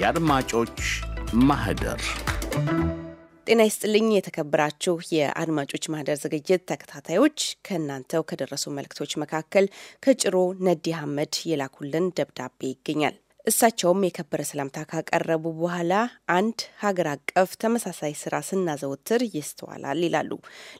የአድማጮች ማህደር ጤና ይስጥልኝ የተከበራችሁ የአድማጮች ማህደር ዝግጅት ተከታታዮች፣ ከእናንተው ከደረሱ መልእክቶች መካከል ከጭሮ ነዲ አህመድ የላኩልን ደብዳቤ ይገኛል። እሳቸውም የከበረ ሰላምታ ካቀረቡ በኋላ አንድ ሀገር አቀፍ ተመሳሳይ ስራ ስናዘወትር ይስተዋላል ይላሉ።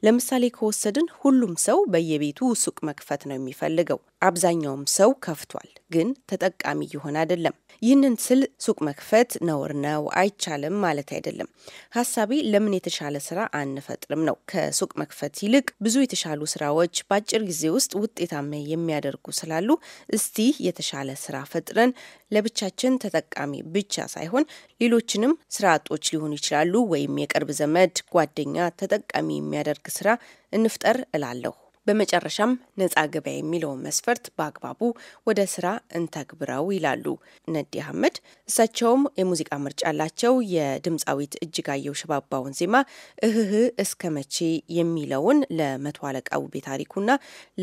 ለምሳሌ ከወሰድን ሁሉም ሰው በየቤቱ ሱቅ መክፈት ነው የሚፈልገው። አብዛኛውም ሰው ከፍቷል፣ ግን ተጠቃሚ ይሆን አይደለም። ይህንን ስል ሱቅ መክፈት ነውር ነው አይቻልም ማለት አይደለም። ሀሳቤ ለምን የተሻለ ስራ አንፈጥርም ነው። ከሱቅ መክፈት ይልቅ ብዙ የተሻሉ ስራዎች በአጭር ጊዜ ውስጥ ውጤታማ የሚያደርጉ ስላሉ እስቲ የተሻለ ስራ ፈጥረን ለብቻችን ተጠቃሚ ብቻ ሳይሆን ሌሎችንም ስራ አጦች ሊሆኑ ይችላሉ ወይም የቅርብ ዘመድ ጓደኛ ተጠቃሚ የሚያደርግ ስራ እንፍጠር እላለሁ። በመጨረሻም ነጻ ገበያ የሚለውን መስፈርት በአግባቡ ወደ ስራ እንተግብረው ይላሉ ነዲ አህመድ። እሳቸውም የሙዚቃ ምርጫ ላቸው የድምፃዊት እጅጋየሁ ሽባባውን ዜማ እህህ እስከ መቼ የሚለውን ለመቶ አለቃ ውቤ ታሪኩና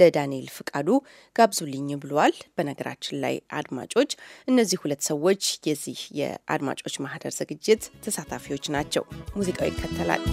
ለዳንኤል ፍቃዱ ጋብዙልኝ ብለዋል። በነገራችን ላይ አድማጮች፣ እነዚህ ሁለት ሰዎች የዚህ የአድማጮች ማህደር ዝግጅት ተሳታፊዎች ናቸው። ሙዚቃው ይከተላል።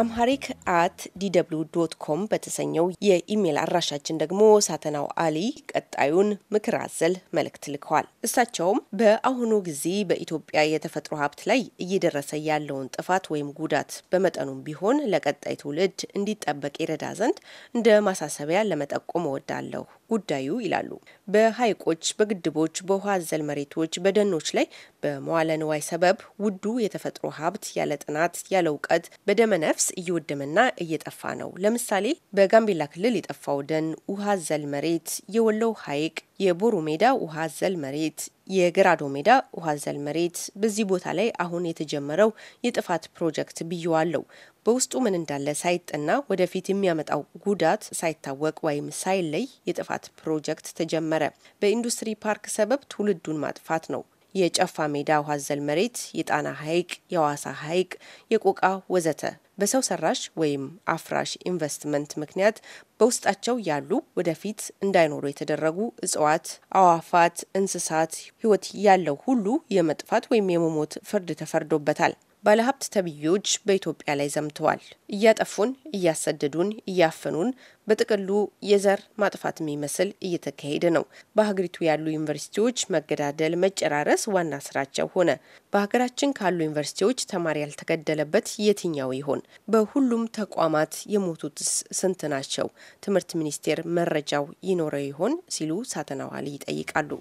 አምሃሪክ አት ዲደብሊው ዶት ኮም በተሰኘው የኢሜይል አድራሻችን ደግሞ ሳተናው አሊ ቀጣዩን ምክር አዘል መልእክት ልከዋል። እሳቸውም በአሁኑ ጊዜ በኢትዮጵያ የተፈጥሮ ሀብት ላይ እየደረሰ ያለውን ጥፋት ወይም ጉዳት በመጠኑም ቢሆን ለቀጣይ ትውልድ እንዲጠበቅ ይረዳ ዘንድ እንደ ማሳሰቢያ ለመጠቆም እወዳለሁ ጉዳዩ ይላሉ። በሀይቆች፣ በግድቦች፣ በውሃ አዘል መሬቶች፣ በደኖች ላይ በመዋለ ንዋይ ሰበብ ውዱ የተፈጥሮ ሀብት ያለ ጥናት ያለ እውቀት በደመ ነፍስ እየወደመና እየጠፋ ነው። ለምሳሌ በጋምቤላ ክልል የጠፋው ደን፣ ውሃ አዘል መሬት፣ የወለው ሀይቅ የቦሩ ሜዳ ውሃ አዘል መሬት፣ የግራዶ ሜዳ ውሃ አዘል መሬት። በዚህ ቦታ ላይ አሁን የተጀመረው የጥፋት ፕሮጀክት ብየዋለው። በውስጡ ምን እንዳለ ሳይጥና ወደፊት የሚያመጣው ጉዳት ሳይታወቅ ወይም ሳይለይ የጥፋት ፕሮጀክት ተጀመረ። በኢንዱስትሪ ፓርክ ሰበብ ትውልዱን ማጥፋት ነው። የጨፋ ሜዳ ውሃ አዘል መሬት፣ የጣና ሐይቅ፣ የዋሳ ሐይቅ፣ የቆቃ ወዘተ በሰው ሰራሽ ወይም አፍራሽ ኢንቨስትመንት ምክንያት በውስጣቸው ያሉ ወደፊት እንዳይኖሩ የተደረጉ እጽዋት፣ አዋፋት፣ እንስሳት ህይወት ያለው ሁሉ የመጥፋት ወይም የመሞት ፍርድ ተፈርዶበታል። ባለሀብት ተብዮች በኢትዮጵያ ላይ ዘምተዋል። እያጠፉን፣ እያሰደዱን፣ እያፈኑን በጥቅሉ የዘር ማጥፋት የሚመስል እየተካሄደ ነው። በሀገሪቱ ያሉ ዩኒቨርሲቲዎች መገዳደል፣ መጨራረስ ዋና ስራቸው ሆነ። በሀገራችን ካሉ ዩኒቨርሲቲዎች ተማሪ ያልተገደለበት የትኛው ይሆን? በሁሉም ተቋማት የሞቱትስ ስንት ናቸው? ትምህርት ሚኒስቴር መረጃው ይኖረው ይሆን ሲሉ ሳተናዋል ይጠይቃሉ።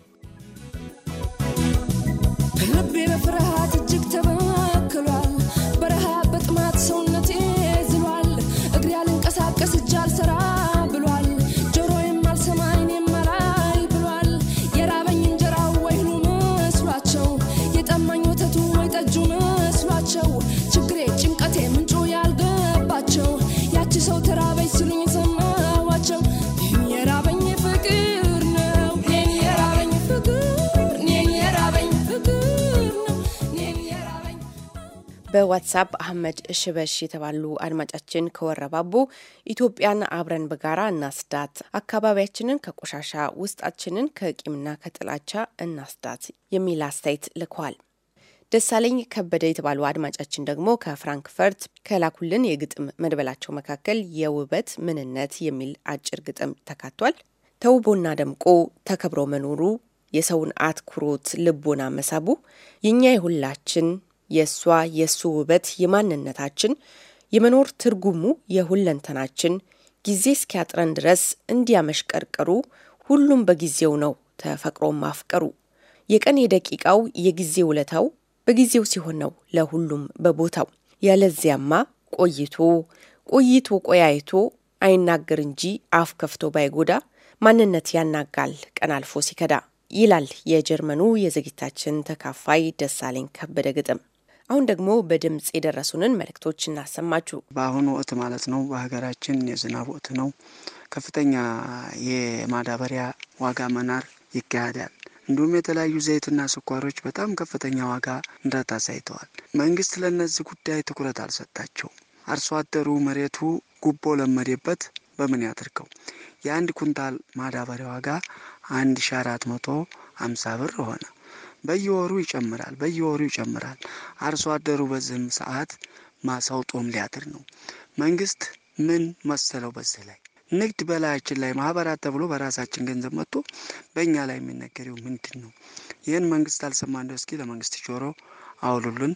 በዋትሳፕ አህመድ ሽበሽ የተባሉ አድማጫችን ከወረባቡ ኢትዮጵያን አብረን በጋራ እናስዳት፣ አካባቢያችንን ከቆሻሻ ውስጣችንን ከቂምና ከጥላቻ እናስዳት የሚል አስተያየት ልከዋል። ደሳለኝ ከበደ የተባሉ አድማጫችን ደግሞ ከፍራንክፈርት ከላኩልን የግጥም መድበላቸው መካከል የውበት ምንነት የሚል አጭር ግጥም ተካቷል። ተውቦና ደምቆ ተከብሮ መኖሩ፣ የሰውን አትኩሮት ልቦና መሳቡ የእኛ የሁላችን የእሷ የእሱ ውበት የማንነታችን የመኖር ትርጉሙ የሁለንተናችን ጊዜ እስኪያጥረን ድረስ እንዲያመሽቀርቀሩ ሁሉም በጊዜው ነው ተፈቅሮም ማፍቀሩ የቀን የደቂቃው የጊዜ ውለታው በጊዜው ሲሆን ነው ለሁሉም በቦታው ያለዚያማ ቆይቶ ቆይቶ ቆያይቶ አይናገር እንጂ አፍ ከፍቶ ባይጎዳ ማንነት ያናጋል ቀን አልፎ ሲከዳ ይላል የጀርመኑ የዝግጅታችን ተካፋይ ደሳለኝ ከበደ ግጥም። አሁን ደግሞ በድምጽ የደረሱንን መልእክቶች እናሰማችሁ። በአሁኑ ወቅት ማለት ነው በሀገራችን የዝናብ ወቅት ነው። ከፍተኛ የማዳበሪያ ዋጋ መናር ይካሄዳል። እንዲሁም የተለያዩ ዘይትና ስኳሮች በጣም ከፍተኛ ዋጋ ንረት አሳይተዋል። መንግስት ለእነዚህ ጉዳይ ትኩረት አልሰጣቸው አርሶ አደሩ መሬቱ ጉቦ ለመደበት በምን ያድርገው? የአንድ ኩንታል ማዳበሪያ ዋጋ አንድ ሺ አራት መቶ አምሳ ብር ሆነ። በየወሩ ይጨምራል በየወሩ ይጨምራል። አርሶ አደሩ በዚህም ሰዓት ማሳው ጦም ሊያድር ነው። መንግስት ምን መሰለው በዚህ ላይ ንግድ በላያችን ላይ ማህበራት ተብሎ በራሳችን ገንዘብ መጥቶ በእኛ ላይ የሚነገረው ምንድን ነው? ይህን መንግስት አልሰማ እንደው እስኪ ለመንግስት ጆሮ አውሉልን።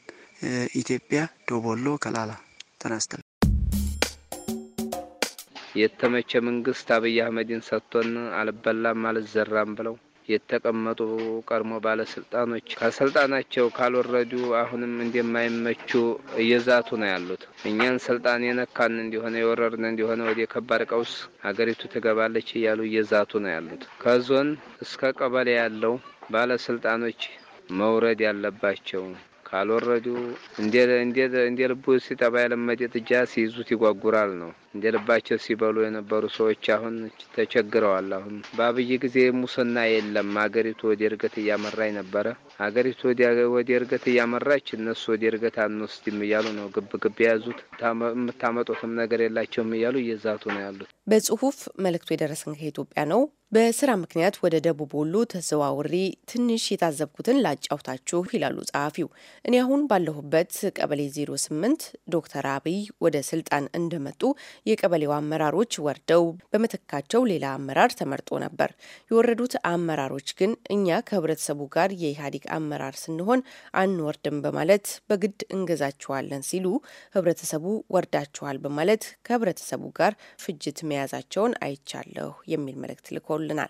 ኢትዮጵያ ዶቦሎ ከላላ ተነስተል የተመቸ መንግስት አብይ አህመድን ሰጥቶን አልበላም አልዘራም ብለው የተቀመጡ ቀድሞ ባለስልጣኖች ከስልጣናቸው ካልወረዱ አሁንም እንደማይመቹ እየዛቱ ነው ያሉት። እኛን ስልጣን የነካን እንዲሆነ የወረርን እንዲሆነ ወደ ከባድ ቀውስ ሀገሪቱ ትገባለች እያሉ እየዛቱ ነው ያሉት። ከዞን እስከ ቀበሌ ያለው ባለስልጣኖች መውረድ ያለባቸው ካልወረዱ እንደ ልቡ ሲጠባ የለመደ ጥጃ ሲይዙት ይጓጉራል ነው። እንደ ልባቸው ሲበሉ የነበሩ ሰዎች አሁን ተቸግረዋል። አሁን በአብይ ጊዜ ሙስና የለም። ሀገሪቱ ወደ እርገት እያመራች ነበረ። አገሪቱ ወደ እርገት እያመራች እነሱ ወደ እርገት አንወስድም እያሉ ነው ግብ ግብ የያዙት። የምታመጡትም ነገር የላቸውም እያሉ እየዛቱ ነው ያሉት። በጽሁፍ መልእክቱ የደረሰን ከኢትዮጵያ ነው። በስራ ምክንያት ወደ ደቡብ ወሎ ተዘዋውሪ ትንሽ የታዘብኩትን ላጫውታችሁ ይላሉ ጸሐፊው። እኔ አሁን ባለሁበት ቀበሌ 08 ዶክተር አብይ ወደ ስልጣን እንደመጡ የቀበሌው አመራሮች ወርደው በምትካቸው ሌላ አመራር ተመርጦ ነበር። የወረዱት አመራሮች ግን እኛ ከህብረተሰቡ ጋር የኢህአዴግ አመራር ስንሆን አንወርድም በማለት በግድ እንገዛችኋለን ሲሉ ህብረተሰቡ ወርዳችኋል በማለት ከህብረተሰቡ ጋር ፍጅት መያዛቸውን አይቻለሁ የሚል መልእክት ልኮል Ollen er.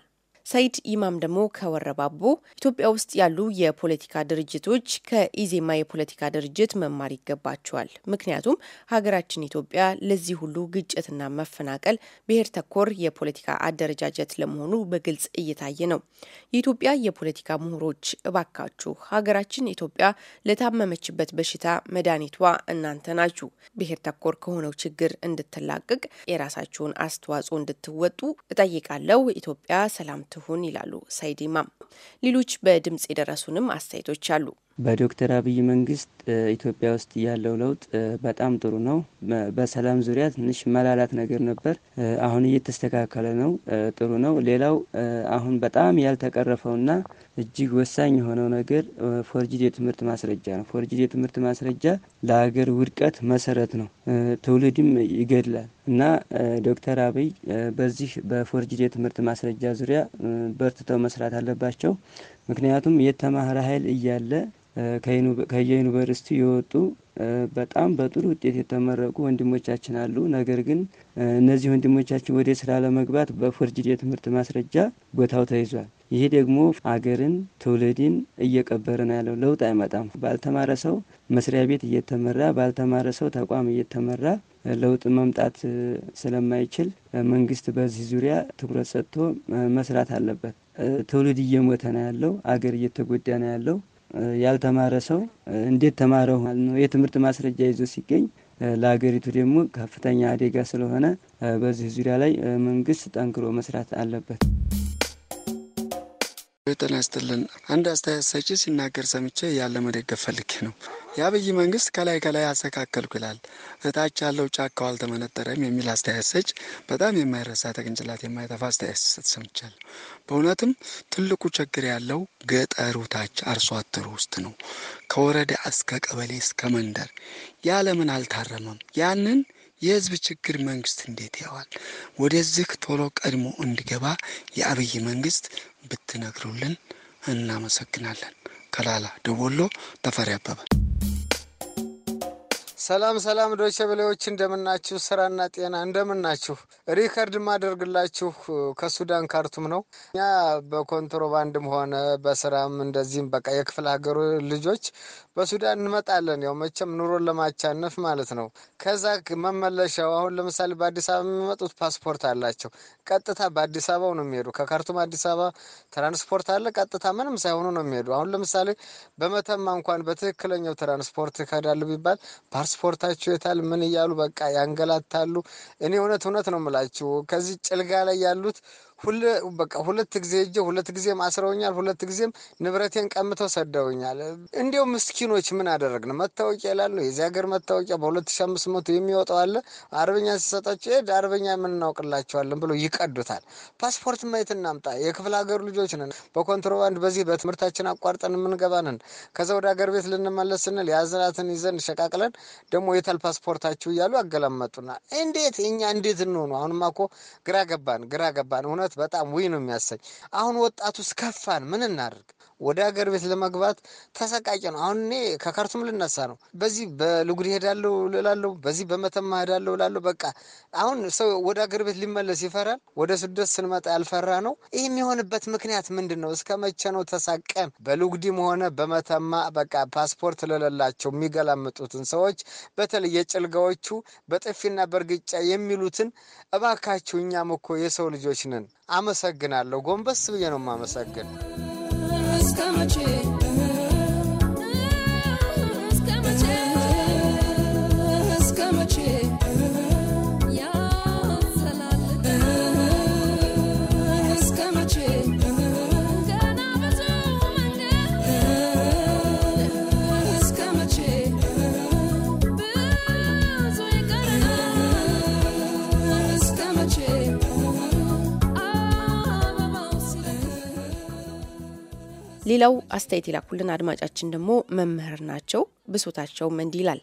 ሰይድ ኢማም ደግሞ ከወረባቦ ኢትዮጵያ ውስጥ ያሉ የፖለቲካ ድርጅቶች ከኢዜማ የፖለቲካ ድርጅት መማር ይገባቸዋል። ምክንያቱም ሀገራችን ኢትዮጵያ ለዚህ ሁሉ ግጭትና መፈናቀል ብሔር ተኮር የፖለቲካ አደረጃጀት ለመሆኑ በግልጽ እየታየ ነው። የኢትዮጵያ የፖለቲካ ምሁሮች እባካችሁ ሀገራችን ኢትዮጵያ ለታመመችበት በሽታ መድኃኒቷ እናንተ ናችሁ። ብሔር ተኮር ከሆነው ችግር እንድትላቀቅ የራሳችሁን አስተዋጽኦ እንድትወጡ እጠይቃለሁ። ኢትዮጵያ ሰላም ትሁን ይላሉ ሳይዲማም። ሌሎች በድምጽ የደረሱንም አስተያየቶች አሉ። በዶክተር አብይ መንግስት ኢትዮጵያ ውስጥ ያለው ለውጥ በጣም ጥሩ ነው። በሰላም ዙሪያ ትንሽ መላላት ነገር ነበር። አሁን እየተስተካከለ ነው፣ ጥሩ ነው። ሌላው አሁን በጣም ያልተቀረፈውና እጅግ ወሳኝ የሆነው ነገር ፎርጅድ የትምህርት ማስረጃ ነው። ፎርጅድ የትምህርት ማስረጃ ለሀገር ውድቀት መሰረት ነው፣ ትውልድም ይገድላል እና ዶክተር አብይ በዚህ በፎርጅድ የትምህርት ማስረጃ ዙሪያ በርትተው መስራት አለባቸው። ምክንያቱም የተማረ ኃይል እያለ ከየዩኒቨርሲቲ የወጡ በጣም በጥሩ ውጤት የተመረቁ ወንድሞቻችን አሉ። ነገር ግን እነዚህ ወንድሞቻችን ወደ ስራ ለመግባት በፎርጅድ የትምህርት ማስረጃ ቦታው ተይዟል። ይሄ ደግሞ አገርን ትውልድን እየቀበረ ነው ያለው። ለውጥ አይመጣም። ባልተማረ ሰው መስሪያ ቤት እየተመራ ባልተማረ ሰው ተቋም እየተመራ ለውጥ መምጣት ስለማይችል መንግስት በዚህ ዙሪያ ትኩረት ሰጥቶ መስራት አለበት። ትውልድ እየሞተ ነው ያለው። አገር እየተጎዳ ነው ያለው። ያልተማረ ሰው እንዴት ተማረ ነው የትምህርት ማስረጃ ይዞ ሲገኝ ለሀገሪቱ ደግሞ ከፍተኛ አደጋ ስለሆነ በዚህ ዙሪያ ላይ መንግስት ጠንክሮ መስራት አለበት። ጤና ይስጥልን። አንድ አስተያየት ሰጪ ሲናገር ሰምቼ ያለ መደገፍ ፈልጌ ነው። የአብይ መንግስት ከላይ ከላይ አስተካከልኩ ይላል፣ እታች ያለው ጫካው አልተመነጠረም የሚል አስተያየት ሰጭ በጣም የማይረሳ ተቅንጭላት የማይጠፋ አስተያየት ሰምቻለሁ። በእውነትም ትልቁ ችግር ያለው ገጠሩ ታች አርሶ አደሩ ውስጥ ነው። ከወረዳ እስከ ቀበሌ እስከ መንደር ያለምን አልታረመም ያንን የህዝብ ችግር መንግስት እንዴት ያዋል? ወደዚህ ቶሎ ቀድሞ እንዲገባ የአብይ መንግስት ብትነግሩልን እናመሰግናለን። ከላላ ደወሎ ተፈሪ አበበ ሰላም ሰላም ዶቼ ብሌዎች እንደምናችሁ፣ ስራና ጤና እንደምናችሁ። ሪከርድ ማደርግላችሁ ከሱዳን ካርቱም ነው። እኛ በኮንትሮባንድም ሆነ በስራም እንደዚህም በቃ የክፍለ ሀገሩ ልጆች በሱዳን እንመጣለን። ያው መቼም ኑሮን ለማቻነፍ ማለት ነው። ከዛ መመለሻው አሁን ለምሳሌ በአዲስ አበባ የሚመጡት ፓስፖርት አላቸው። ቀጥታ በአዲስ አበባው ነው የሚሄዱ። ከካርቱም አዲስ አበባ ትራንስፖርት አለ። ቀጥታ ምንም ሳይሆኑ ነው የሚሄዱ። አሁን ለምሳሌ በመተማ እንኳን በትክክለኛው ትራንስፖርት ይከዳሉ ቢባል የታል? ምን እያሉ በቃ ያንገላታሉ። እኔ እውነት እውነት ነው የምላችሁ ከዚህ ጭልጋ ላይ ያሉት በቃ ሁለት ጊዜ እጀ ሁለት ጊዜም አስረውኛል። ሁለት ጊዜም ንብረቴን ቀምተው ሰደውኛል። እንዲያው ምስኪኖች ምን አደረግን? መታወቂያ ይላሉ። የዚህ ሀገር መታወቂያ በ2500 የሚወጣው አለ። አርበኛ ሲሰጣቸው ሄድ አርበኛ የምናውቅላቸዋለን ብሎ ይቀዱታል። ፓስፖርት ማየት እናምጣ፣ የክፍለ ሀገር ልጆች ነን። በኮንትሮባንድ በዚህ በትምህርታችን አቋርጠን የምንገባንን ከዛ ወደ ሀገር ቤት ልንመለስ ስንል ያዝናትን ይዘን ሸቃቅለን ደግሞ የታል ፓስፖርታችሁ እያሉ አገላመጡና እንዴት እኛ እንዴት እንሆኑ? አሁንማ እኮ ግራ ገባን፣ ግራ ገባን። እውነት በጣም ውይ ነው የሚያሰኝ። አሁን ወጣቱ ስከፋን ምን እናደርግ? ወደ ሀገር ቤት ለመግባት ተሰቃቂ ነው። አሁን እኔ ከካርቱም ልነሳ ነው። በዚህ በሉጉድ ሄዳለሁ ልላለሁ፣ በዚህ በመተማ ሄዳለሁ እላለሁ። በቃ አሁን ሰው ወደ ሀገር ቤት ሊመለስ ይፈራል። ወደ ስደት ስንመጣ ያልፈራ ነው። ይህ የሚሆንበት ምክንያት ምንድን ነው? እስከ መቼ ነው ተሳቀን? በልጉዲም ሆነ በመተማ በቃ ፓስፖርት ለሌላቸው የሚገላምጡትን ሰዎች በተለይ የጭልጋዎቹ በጥፊና በእርግጫ የሚሉትን እባካችሁ፣ እኛም እኮ የሰው ልጆች ነን። አመሰግናለሁ። ጎንበስ ብዬ ነው የማመሰግን። ሌላው አስተያየት የላኩልን አድማጫችን ደግሞ መምህር ናቸው። ብሶታቸውም እንዲህ ይላል።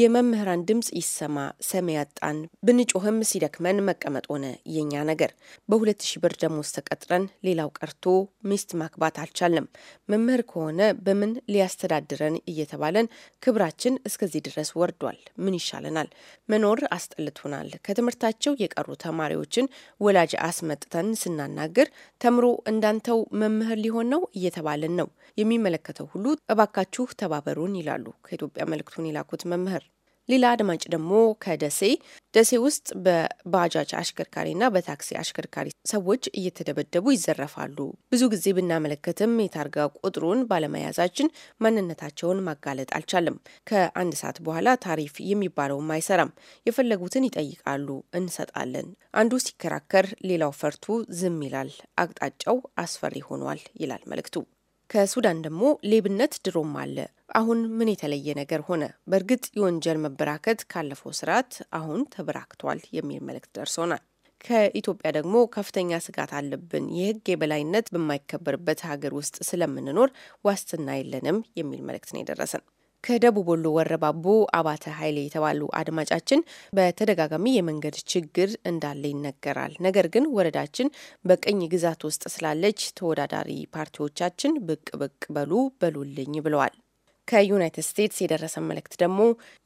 የመምህራን ድምፅ ይሰማ፣ ሰሚ ያጣን፣ ብንጮህም ሲደክመን መቀመጥ ሆነ የኛ ነገር። በሁለት ሺ ብር ደሞዝ ተቀጥረን ሌላው ቀርቶ ሚስት ማግባት አልቻለም። መምህር ከሆነ በምን ሊያስተዳድረን እየተባለን ክብራችን እስከዚህ ድረስ ወርዷል። ምን ይሻለናል? መኖር አስጠልቶናል። ከትምህርታቸው የቀሩ ተማሪዎችን ወላጅ አስመጥተን ስናናግር ተምሮ እንዳንተው መምህር ሊሆን ነው እየተባለን ነው። የሚመለከተው ሁሉ እባካችሁ ተባበሩን ይላሉ። ከኢትዮጵያ መልእክቱን የላኩት መምህር። ሌላ አድማጭ ደግሞ ከደሴ ደሴ ውስጥ በባጃጅ አሽከርካሪና በታክሲ አሽከርካሪ ሰዎች እየተደበደቡ ይዘረፋሉ። ብዙ ጊዜ ብናመለከትም የታርጋ ቁጥሩን ባለመያዛችን ማንነታቸውን ማጋለጥ አልቻለም። ከአንድ ሰዓት በኋላ ታሪፍ የሚባለውም አይሰራም። የፈለጉትን ይጠይቃሉ፣ እንሰጣለን። አንዱ ሲከራከር፣ ሌላው ፈርቱ ዝም ይላል። አቅጣጫው አስፈሪ ሆኗል ይላል መልእክቱ። ከሱዳን ደግሞ ሌብነት ድሮም አለ። አሁን ምን የተለየ ነገር ሆነ? በእርግጥ የወንጀል መበራከት ካለፈው ስርዓት አሁን ተበራክቷል የሚል መልእክት ደርሶናል። ከኢትዮጵያ ደግሞ ከፍተኛ ስጋት አለብን፣ የህግ የበላይነት በማይከበርበት ሀገር ውስጥ ስለምንኖር ዋስትና የለንም የሚል መልእክት ነው የደረሰን። ከደቡብ ወሎ ወረባቦ አባተ ኃይሌ የተባሉ አድማጫችን በተደጋጋሚ የመንገድ ችግር እንዳለ ይነገራል። ነገር ግን ወረዳችን በቅኝ ግዛት ውስጥ ስላለች ተወዳዳሪ ፓርቲዎቻችን ብቅ ብቅ በሉ በሉልኝ ብለዋል። ከዩናይትድ ስቴትስ የደረሰ መልእክት ደግሞ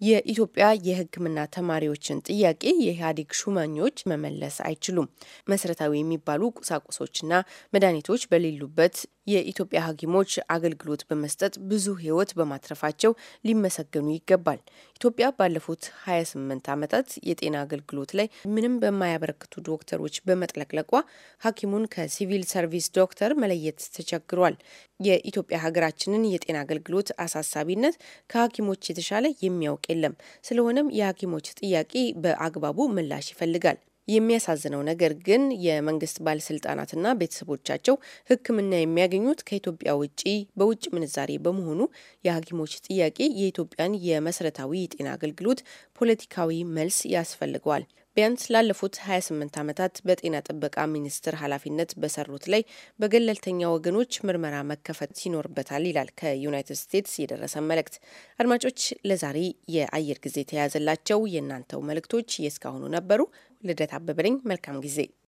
የኢትዮጵያ የሕክምና ተማሪዎችን ጥያቄ የኢህአዴግ ሹማኞች መመለስ አይችሉም። መሰረታዊ የሚባሉ ቁሳቁሶችና መድኃኒቶች በሌሉበት የኢትዮጵያ ሐኪሞች አገልግሎት በመስጠት ብዙ ሕይወት በማትረፋቸው ሊመሰገኑ ይገባል። ኢትዮጵያ ባለፉት 28 ዓመታት የጤና አገልግሎት ላይ ምንም በማያበረክቱ ዶክተሮች በመጥለቅለቋ ሐኪሙን ከሲቪል ሰርቪስ ዶክተር መለየት ተቸግሯል። የኢትዮጵያ ሀገራችንን የጤና አገልግሎት አሳ አሳሳቢነት ከሐኪሞች የተሻለ የሚያውቅ የለም። ስለሆነም የሐኪሞች ጥያቄ በአግባቡ ምላሽ ይፈልጋል። የሚያሳዝነው ነገር ግን የመንግስት ባለስልጣናትና ቤተሰቦቻቸው ሕክምና የሚያገኙት ከኢትዮጵያ ውጪ በውጭ ምንዛሬ በመሆኑ የሐኪሞች ጥያቄ የኢትዮጵያን የመሰረታዊ የጤና አገልግሎት ፖለቲካዊ መልስ ያስፈልገዋል። ቢያንስ ላለፉት 28 ዓመታት በጤና ጥበቃ ሚኒስቴር ኃላፊነት በሰሩት ላይ በገለልተኛ ወገኖች ምርመራ መከፈት ይኖርበታል ይላል ከዩናይትድ ስቴትስ የደረሰ መልእክት። አድማጮች፣ ለዛሬ የአየር ጊዜ የተያዘላቸው የእናንተው መልእክቶች የእስካሁኑ ነበሩ። ልደት አበበ ነኝ። መልካም ጊዜ።